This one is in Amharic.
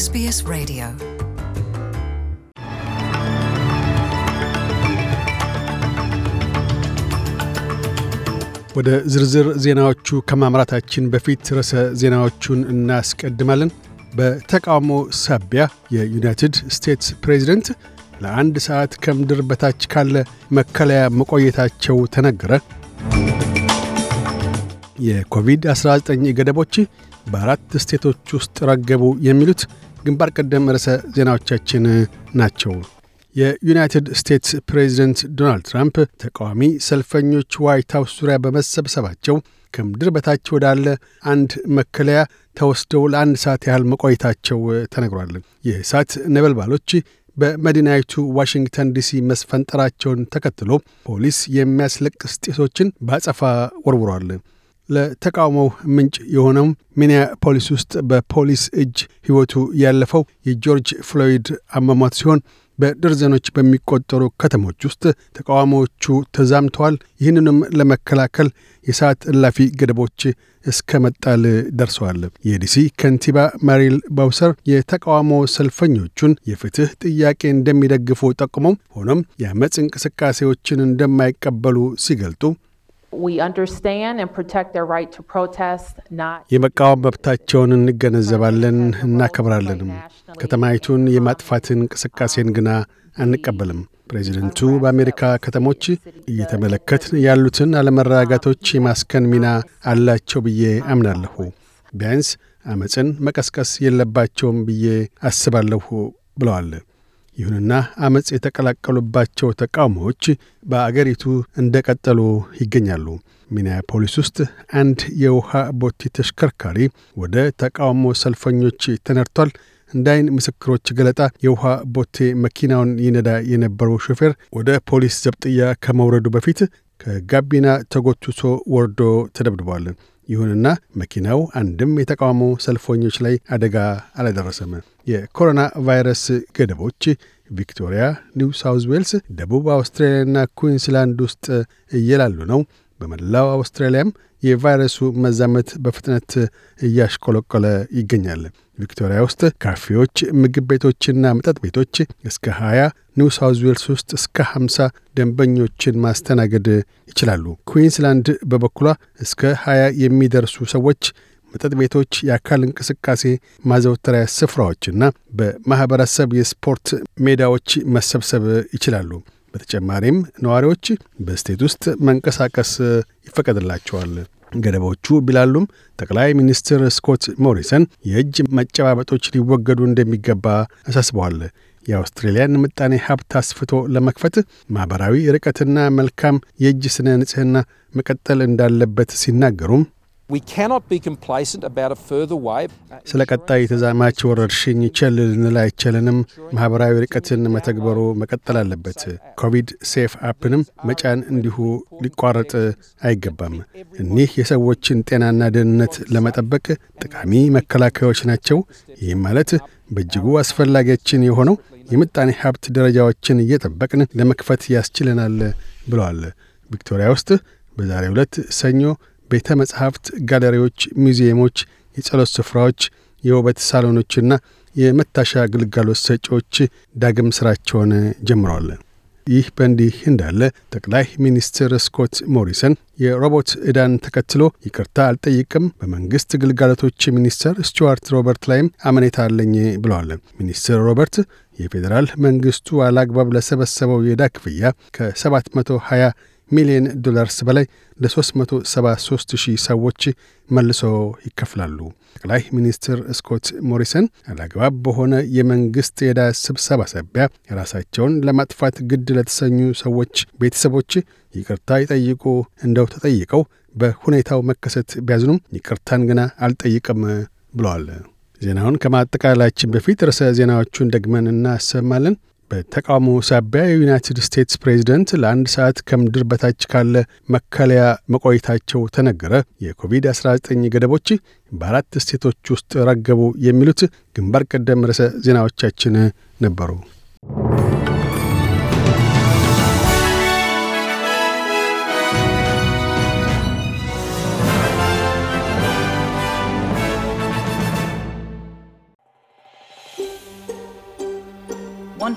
ኤስቢኤስ ሬዲዮ ወደ ዝርዝር ዜናዎቹ ከማምራታችን በፊት ርዕሰ ዜናዎቹን እናስቀድማለን። በተቃውሞ ሳቢያ የዩናይትድ ስቴትስ ፕሬዚደንት ለአንድ ሰዓት ከምድር በታች ካለ መከለያ መቆየታቸው ተነገረ። የኮቪድ-19 ገደቦች በአራት ስቴቶች ውስጥ ረገቡ። የሚሉት ግንባር ቀደም ርዕሰ ዜናዎቻችን ናቸው። የዩናይትድ ስቴትስ ፕሬዚደንት ዶናልድ ትራምፕ ተቃዋሚ ሰልፈኞች ዋይት ሀውስ ዙሪያ በመሰብሰባቸው ከምድር በታች ወዳለ አንድ መከለያ ተወስደው ለአንድ ሰዓት ያህል መቆየታቸው ተነግሯል። የእሳት ነበልባሎች በመዲናይቱ ዋሽንግተን ዲሲ መስፈንጠራቸውን ተከትሎ ፖሊስ የሚያስለቅስ ጤሶችን በአጸፋ ወርውሯል። ለተቃውሞው ምንጭ የሆነው ሚኒያፖሊስ ውስጥ በፖሊስ እጅ ሕይወቱ ያለፈው የጆርጅ ፍሎይድ አሟሟት ሲሆን በደርዘኖች በሚቆጠሩ ከተሞች ውስጥ ተቃዋሚዎቹ ተዛምተዋል። ይህንንም ለመከላከል የሰዓት እላፊ ገደቦች እስከ መጣል ደርሰዋል። የዲሲ ከንቲባ ማሪል ባውሰር የተቃውሞ ሰልፈኞቹን የፍትህ ጥያቄ እንደሚደግፉ ጠቁመው ሆኖም የአመፅ እንቅስቃሴዎችን እንደማይቀበሉ ሲገልጡ የመቃወም መብታቸውን እንገነዘባለን እናከብራለንም። ከተማይቱን um, የማጥፋትን እንቅስቃሴን ግና አንቀበልም። ፕሬዚደንቱ በአሜሪካ ከተሞች እየተመለከትን ያሉትን አለመረጋጋቶች um, የማስከን ሚና um, አላቸው ብዬ አምናለሁ። ቢያንስ አመፅን መቀስቀስ የለባቸውም ብዬ አስባለሁ ብለዋል። ይሁንና አመፅ የተቀላቀሉባቸው ተቃውሞዎች በአገሪቱ እንደቀጠሉ ይገኛሉ። ሚኒያፖሊስ ውስጥ አንድ የውሃ ቦቲ ተሽከርካሪ ወደ ተቃውሞ ሰልፈኞች ተነድቷል። እንደ ምስክሮች ገለጣ የውሃ ቦቴ መኪናውን ይነዳ የነበረው ሾፌር ወደ ፖሊስ ዘብጥያ ከመውረዱ በፊት ከጋቢና ተጎትቶ ወርዶ ተደብድቧል። ይሁንና መኪናው አንድም የተቃውሞ ሰልፈኞች ላይ አደጋ አላደረሰም። የኮሮና ቫይረስ ገደቦች ቪክቶሪያ፣ ኒው ሳውዝ ዌልስ፣ ደቡብ አውስትራሊያና ኩዊንስላንድ ውስጥ እየላሉ ነው። በመላው አውስትራሊያም የቫይረሱ መዛመት በፍጥነት እያሽቆለቆለ ይገኛል። ቪክቶሪያ ውስጥ ካፌዎች፣ ምግብ ቤቶችና መጠጥ ቤቶች እስከ 20 ኒው ሳውዝ ዌልስ ውስጥ እስከ 50 ደንበኞችን ማስተናገድ ይችላሉ። ኩዊንስላንድ በበኩሏ እስከ 20 የሚደርሱ ሰዎች መጠጥ ቤቶች፣ የአካል እንቅስቃሴ ማዘውተሪያ ስፍራዎችና በማኅበረሰብ የስፖርት ሜዳዎች መሰብሰብ ይችላሉ። በተጨማሪም ነዋሪዎች በስቴት ውስጥ መንቀሳቀስ ይፈቀድላቸዋል። ገደቦቹ ቢላሉም ጠቅላይ ሚኒስትር ስኮት ሞሪሰን የእጅ መጨባበጦች ሊወገዱ እንደሚገባ አሳስበዋል። የአውስትሬልያን ምጣኔ ሀብት አስፍቶ ለመክፈት ማኅበራዊ ርቀትና መልካም የእጅ ስነ ንጽሕና መቀጠል እንዳለበት ሲናገሩም ስለ ቀጣይ ተዛማች ወረርሽኝ ቸል ልንል አይቸልንም። ማኅበራዊ ርቀትን መተግበሩ መቀጠል አለበት። ኮቪድ ሴፍ አፕንም መጫን እንዲሁ ሊቋረጥ አይገባም። እኒህ የሰዎችን ጤናና ደህንነት ለመጠበቅ ጠቃሚ መከላከያዎች ናቸው። ይህም ማለት በእጅጉ አስፈላጊያችን የሆነው የምጣኔ ሀብት ደረጃዎችን እየጠበቅን ለመክፈት ያስችለናል ብለዋል። ቪክቶሪያ ውስጥ በዛሬ ዕለት ሰኞ ቤተ መጻሕፍት፣ ጋለሪዎች፣ ሙዚየሞች፣ የጸሎት ስፍራዎች፣ የውበት ሳሎኖችና የመታሻ ግልጋሎት ሰጪዎች ዳግም ሥራቸውን ጀምረዋል። ይህ በእንዲህ እንዳለ ጠቅላይ ሚኒስትር ስኮት ሞሪሰን የሮቦት ዕዳን ተከትሎ ይቅርታ አልጠይቅም፣ በመንግሥት ግልጋሎቶች ሚኒስትር ስቲዋርት ሮበርት ላይም አመኔታ አለኝ ብለዋል። ሚኒስትር ሮበርት የፌዴራል መንግሥቱ አላግባብ ለሰበሰበው የዕዳ ክፍያ ከ720 ሚሊዮን ዶላርስ በላይ ለ373 ሺህ ሰዎች መልሶ ይከፍላሉ። ጠቅላይ ሚኒስትር ስኮት ሞሪሰን አላግባብ በሆነ የመንግሥት የዕዳ ስብሰባ ሰቢያ ራሳቸውን ለማጥፋት ግድ ለተሰኙ ሰዎች ቤተሰቦች ይቅርታ ይጠይቁ እንደው ተጠይቀው በሁኔታው መከሰት ቢያዝኑም ይቅርታን ግና አልጠይቅም ብለዋል። ዜናውን ከማጠቃላያችን በፊት ርዕሰ ዜናዎቹን ደግመን እናሰማለን። በተቃውሞ ሳቢያ የዩናይትድ ስቴትስ ፕሬዚደንት ለአንድ ሰዓት ከምድር በታች ካለ መከለያ መቆየታቸው ተነገረ። የኮቪድ-19 ገደቦች በአራት ስቴቶች ውስጥ ረገቡ። የሚሉት ግንባር ቀደም ርዕሰ ዜናዎቻችን ነበሩ።